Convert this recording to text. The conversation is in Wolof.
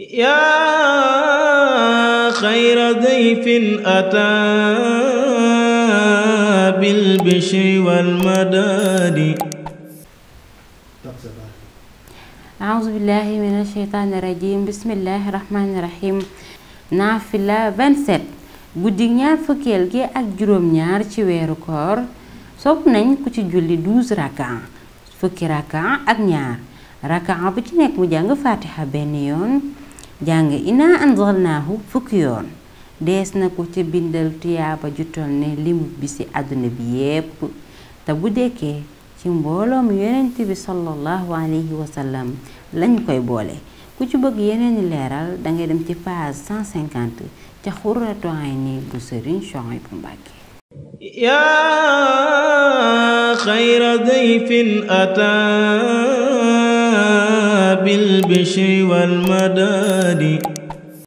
yaa xayra dayfin ataa bil bishri wal madaadi aawuzu billaahi mina sheytaani rajiim bismillaahi rahmaani rahiim naafila 27 guddi ñaar fukkeel gi ak juróom ñaar ci weeru koor sopp nañ ku ci julli 12 rakaa fukki rakaa ak ñaar rakaa bu ci nekk mu jàng faatiha benn yoon jàng inaa anzalnaahu fukki yoon dees na ko ci bindal tuyaaba ju toll ne limu bi ci àdduna bi yépp te bu dekkee ci mbooloom yonent bi sallallahu alayhi wa sallam lañ koy boole ku ci bëgg yeneeni leeral dangay dem ci page 150 ca Xurratu Ayni bu Sëriñ Suhaybu Mbàkke yaa xayra dayfin ataa بالبشر والمداد